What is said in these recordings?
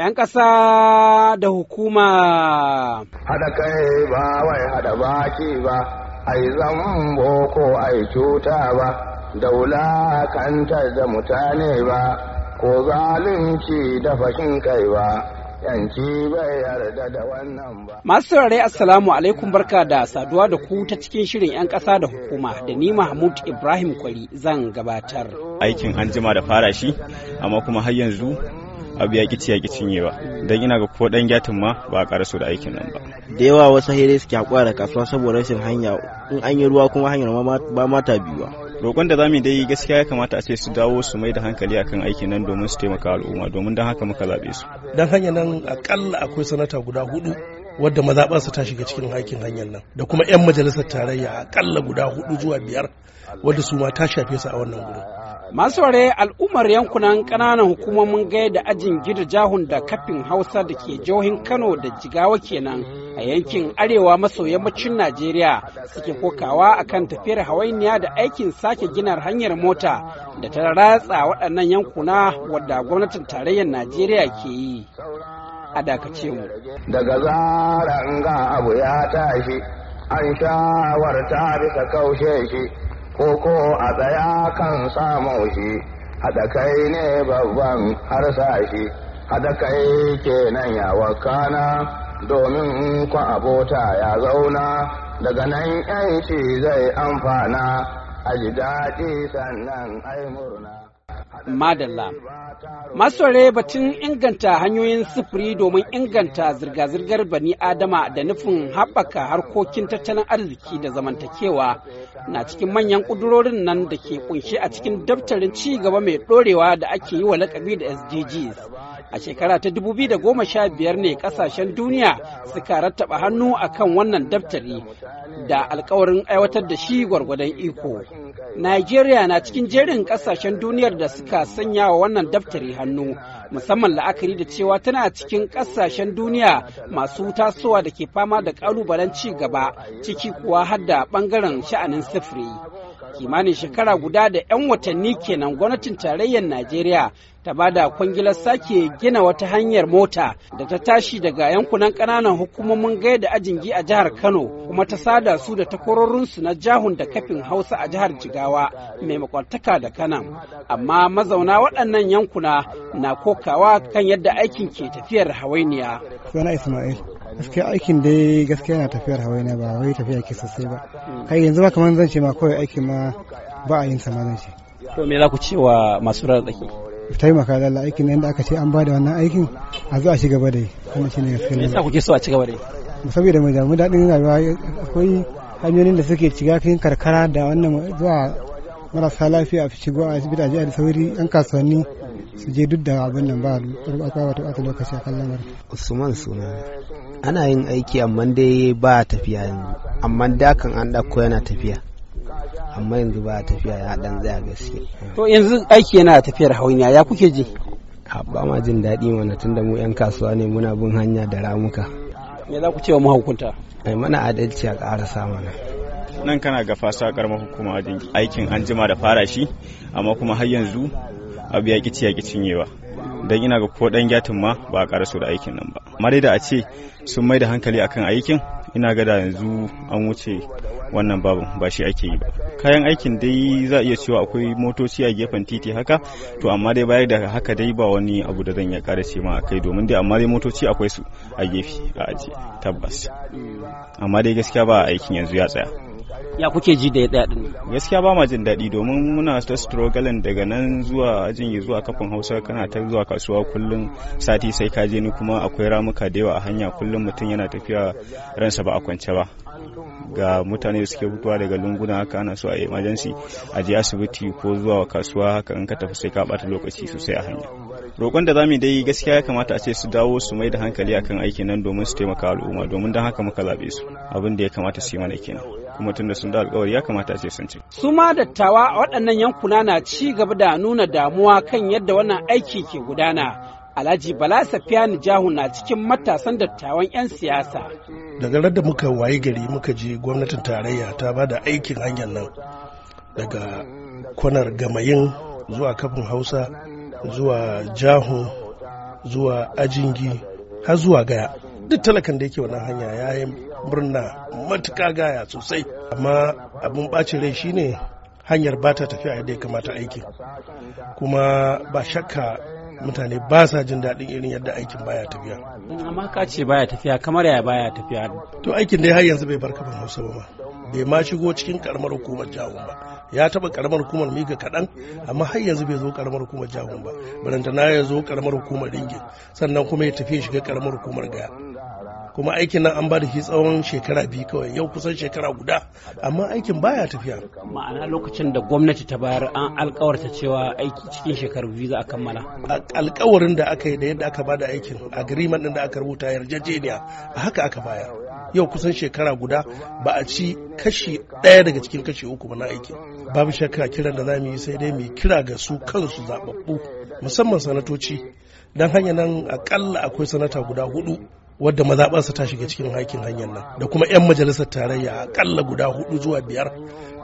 ‘yan ƙasa da hukuma. Haɗa kai ba wai haɗa baki ba, ai zambo boko ai cuta ba, daula kantar da mutane ba, ko zalunci da fashin kai ba. Masu saurare Assalamu alaikum barka da saduwa da ku ta cikin shirin 'yan ƙasa da hukuma da ni Mahmud Ibrahim Kwari zan gabatar. Aikin anjima da fara shi, amma kuma har yanzu abu ya kici ya cinye ba don ina ga ko dan gyatin ma ba a karasu da aikin nan ba da yawa wasu hire suke hakura da kasuwa saboda rashin hanya in an yi ruwa kuma hanyar ba mata biyuwa roƙon da zamu dai gaskiya ya kamata a ce su dawo su mai da hankali akan aikin nan domin su taimaka al'umma domin don haka muka zaɓe su dan hanyar nan akalla akwai sanata guda hudu wadda su ta shiga cikin aikin hanyar nan da kuma 'yan majalisar tarayya akalla guda hudu zuwa biyar wadda su ma ta shafe su a wannan gurin Masu ware al'ummar yankunan ƙananan hukumomin gai da ajin gida jahun da kafin Hausa da ke jihohin Kano da Jigawa kenan a yankin arewa maso yammacin Najeriya suke kokawa akan tafiyar hawainiya da aikin sake ginar hanyar mota da ta ratsa waɗannan yankuna wadda gwamnatin tarayyar Najeriya ke yi. A dakace mu. Daga zarar ga abu ya tashi, an shawarta bisa kaushe shi. ko ko a tsaya kan samun shi haɗa kai ne babban harsashi haɗa kai kenan ya wakana domin ku abota ya zauna daga nan yanci zai amfana a ji daɗi sannan ai murna madalla. Masore batun inganta hanyoyin sufuri domin inganta zirga-zirgar bani Adama da nufin haɓaka harkokin tattalin arziki da zamantakewa na cikin manyan ƙudurorin nan da ke kunshe a cikin daftarin ci gaba mai ɗorewa da ake yi wa lakabi da SDGs. a shekara ta dubu biyu da goma sha biyar ne kasashen duniya suka rattaba hannu akan wannan daftari da alkawarin aiwatar da shi gwargwadon iko Najeriya na cikin jerin kasashen duniyar da suka sanya wa wannan daftari hannu musamman la'akari da cewa tana cikin kasashen duniya masu tasowa da ke fama da kalubalen ci gaba ciki kuwa hadda da bangaren sha'anin sifiri kimanin shekara guda da 'yan watanni kenan gwamnatin tarayyar najeriya ta bada kwangilar sake gina wata hanyar mota da ta tashi daga yankunan ƙananan hukumomin da ajingi a jihar kano kuma ta sada su da takwarorinsu na jahun da kafin hausa a jihar jigawa mai makwantaka da kanan amma mazauna waɗannan yankuna na kokawa kan yadda aikin ke tafiyar hawainiya. gaskiya aikin dai gaskiya na tafiyar hawaina ba wai tafiya ke sosai ba kai yanzu ba kamar zan ce ma kawai aiki ma ba a yin sa ma zan ce to me za ku ce wa masu ran tsaki taimaka da aikin nan da aka ce an ba da wannan aikin a zo a ci gaba da yi kuma shi ne gaskiya me yasa kuke so a ci gaba da yi saboda mu damu daɗin rayuwa akwai hanyoyin da suke shiga cikin karkara da wannan zuwa marasa lafiya a shigo a asibiti a da sauri yan kasuwanni su je duk da abin nan ba ba wata wata lokaci a kan lamarin usman suna ana yin aiki amma dai ba a tafiya yanzu amma dakan an ɗauko yana tafiya amma yanzu ba a tafiya ya dan zaya gaske to yanzu aiki yana tafiyar hauniya ya kuke je? ba ma jin daɗi mana tunda mu 'yan kasuwa ne muna bin hanya da ramuka me za ku ce wa mahukunta ai mana adalci a ƙara mana nan kana ga fasa karamar hukuma aikin anjima da fara shi amma kuma har yanzu abu ya ƙi ya cinyewa don ina ga ko dan gyatin ma ba a ƙaraso da aikin nan ba amma da a ce sun mai da hankali akan aikin ina ga da yanzu an wuce wannan babu ba shi ake yi ba kayan aikin dai za a iya cewa akwai motoci a gefen titi haka to amma dai bayar da haka dai ba wani abu da zan ya kare ce ma akai domin dai amma dai motoci akwai su a gefe a aje tabbas amma dai gaskiya ba aikin yanzu ya tsaya ya kuke ji da ya ɗaya ɗin gaskiya ba ma jin daɗi domin muna ta struggling daga nan zuwa ajin zuwa kafin hausa kana ta zuwa kasuwa kullum sati sai ka je ni kuma akwai ramuka da yawa a hanya kullum mutum yana tafiya ransa ba a kwance ba ga mutane da suke fitowa daga lunguna haka ana so a yi emergency a je asibiti ko zuwa kasuwa haka in ka tafi sai ka bata lokaci sosai a hanya roƙon da zamu dai gaskiya ya kamata a ce su dawo su mai da hankali akan aikin nan domin su taimaka al'umma domin don haka muka zaɓe su abin da ya kamata su yi mana kenan kuma tunda sun da alƙawari ya kamata a ce sun ci su ma dattawa waɗannan yankuna na ci gaba da nuna damuwa kan yadda wannan aiki ke gudana Alhaji Bala ni Jahu na cikin matasan dattawan 'yan siyasa. Daga da muka wayi gari muka je gwamnatin tarayya ta ba da aikin hanyar nan daga kwanar gamayin zuwa kafin Hausa zuwa jaho zuwa ajingi har zuwa gaya duk talakan da yake wannan hanya ya yi murna matuka gaya sosai amma abin bacin rai shine hanyar ba ta tafiya yadda ya kamata aiki kuma ba shakka mutane ba sa jin daɗin irin yadda aikin baya tafiya amma ka ce baya tafiya kamar ya baya tafiya to aikin dai har yanzu bai bar kafin hausa ba bai ma shigo cikin karamar hukumar jawun ba ya taba karamar hukumar mika kaɗan amma har yanzu bai zo karamar hukumar jawun ba barantana ya zo karamar hukumar ringin sannan kuma ya tafi shiga karamar hukumar gaya kuma aikin nan an ba da shi tsawon shekara biyu kawai yau kusan shekara guda amma aikin baya tafiya ma'ana lokacin da gwamnati ta bayar an alkawarta cewa aiki cikin shekaru biyu za a kammala alkawarin da aka yi da yadda aka ba da aikin agreement din da aka rubuta yarjejeniya a haka aka bayar yau kusan shekara guda ba a ci kashi ɗaya daga cikin kashi uku ba na aiki. babu shakka kiran da za mu yi sai dai mu kira ga su kansu zababbu musamman sanatoci don hanyar nan akalla akwai sanata guda hudu wadda mazaɓarsa ta shiga cikin hakin hanyar nan da kuma 'yan majalisar tarayya akalla guda hudu zuwa biyar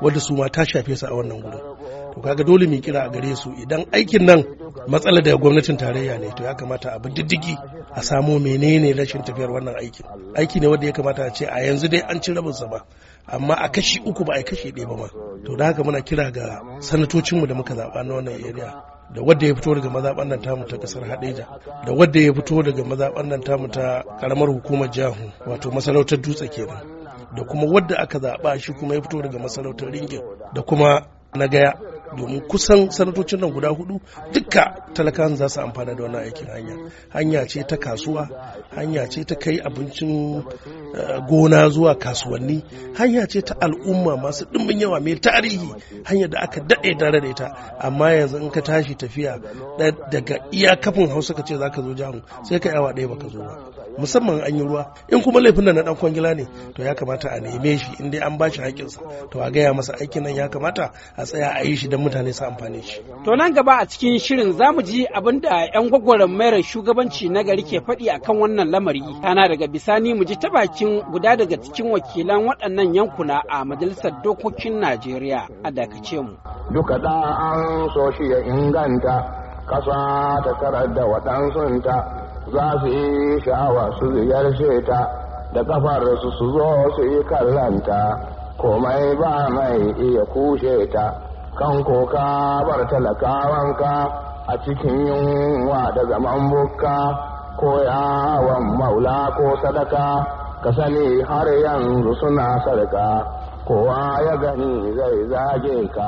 wadda su ma ta shafe su a wannan gudun to kaga dole mu kira a gare su idan aikin nan matsala da gwamnatin tarayya ne to ya kamata a diddigi a samo menene rashin tafiyar wannan aikin aiki ne wanda ya kamata a ce a yanzu dai an ci rabin sa ba amma a kashi uku ba a kashi ɗaya ba ma to da haka muna kira ga sanatocin mu da muka zaba na wannan area da wadda ya fito daga mazaban nan tamu ta ƙasar Hadeja da wadda ya fito daga mazaban nan tamu ta karamar hukumar Jahu wato masarautar dutse kenan da kuma wadda aka zaba shi kuma ya fito daga masarautar Ringin da kuma na gaya domin kusan sanatocin nan guda hudu duka talakan za su amfana da wannan aikin hanya hanya ce ta kasuwa hanya ce ta kai abincin eh, gona zuwa kasuwanni hanya ce ta al'umma masu ɗimbin yawa mai tarihi hanya da aka daɗe tare da ita amma yanzu in ka tashi tafiya daga iya kafin hausa ka ce za ka zo jihar sai ka yawa ɗaya baka zo ba musamman an yi ruwa in kuma laifin nan na ɗan kwangila ne to ya kamata a neme shi in dai an ba shi haƙƙinsa to a gaya masa aikin nan ya kamata a tsaya a yi shi da mutane su amfane shi. To nan gaba a cikin shirin za mu ji abin da 'yan mayar shugabanci na gari ke faɗi a kan wannan lamari. Kana daga bisani mu ji ta bakin guda daga cikin wakilan waɗannan yankuna a majalisar dokokin Najeriya a dakace mu. Duka ɗan an so shi ya inganta kasa ta karar da waɗansunta za su yi sha'awa su ziyarce ta da ƙafarsu su zo su yi kallanta komai ba mai iya kushe ta. kan koka bar talakawanka a cikin yunwa da zaman bukka ko yawon maula ko sadaka ka sani har yanzu suna sarka kowa ya gani zai zage ka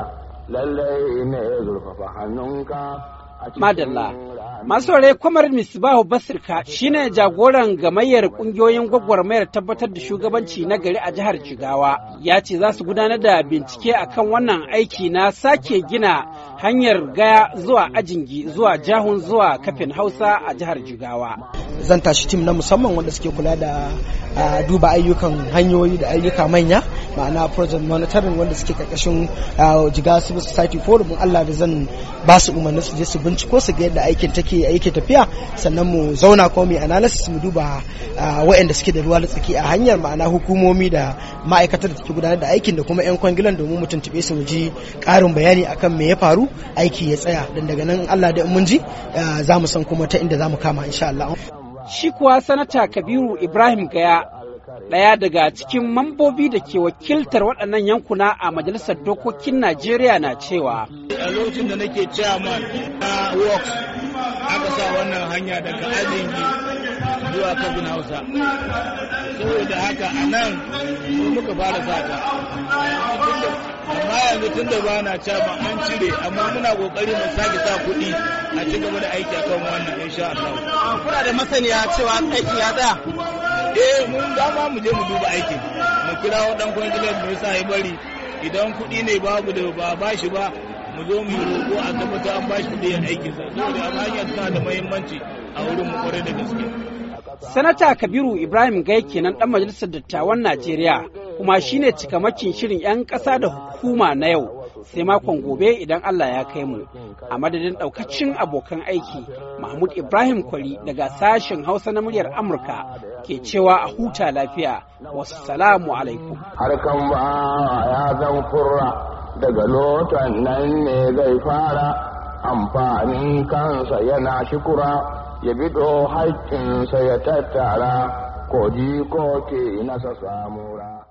lallai ne zurfafa hannunka Madalla. Masaure kwamar Misbahu Basirka shine jagoran gamayyar kungiyoyin gwagwarmayar tabbatar da shugabanci na gari a jihar Jigawa. Ya ce za su gudanar da bincike akan wannan aiki na sake gina hanyar gaya zuwa ajingi zuwa jahun zuwa kafin Hausa a jihar Jigawa. Zan tashi tim na musamman wanda suke kula da duba ayyukan hanyoyi da ayyuka manya ma'ana project monitoring wanda suke karkashin Jigawa Civil Society Forum Allah da zan ba su umarni su je su binciko su ga yadda aikin take aiki tafiya sannan mu zauna ko mu analysis mu duba waɗanda suke da ruwa da tsaki a hanyar ma'ana hukumomi da ma'aikatar da take gudanar da aikin da kuma 'yan kwangilan domin mu tuntube su mu ji ƙarin bayani akan me ya faru aiki ya tsaya dan daga nan Allah da mun ji za mu san kuma ta inda za mu kama insha Allah shi kuwa sanata Kabiru Ibrahim Gaya ɗaya daga cikin mambobi da ke wakiltar waɗannan yankuna a majalisar dokokin najeriya na cewa a lokacin da nake chairman na works aka sa wannan hanya daga azingi zuwa kabin hausa saboda haka a nan muka fara sata amma yanzu tun da ba na chairman an cire amma muna kokari mu sake sa kuɗi a ci gaba da aiki akan wannan insha Allah kuna da masaniya cewa aiki ya tsaya eh mun dama mu je mu duba aikin mu kira dan kwangilar mu yasa ya bari idan kuɗi ne babu da ba bashi ba mu zo mu roƙo a tabbata an bashi kuɗi yan aikin sa saboda hanyar da muhimmanci a wurin mu kware da gaske Sanata Kabiru Ibrahim Gai kenan ɗan majalisar dattawan Najeriya kuma shine cikamakin shirin 'yan ƙasa da hukuma na yau. sai makon gobe idan Allah ya kai mu a madadin daukacin abokan aiki Mahmud Ibrahim Kwari daga sashen Hausa na muryar Amurka ke cewa a huta lafiya wasu salamu alaikum harkan ba ya zan kurra daga lotan nan ne zai fara amfanin kansa yana shikura ya bido haƙƙinsa ya tattara ko ji ko ke nasa samura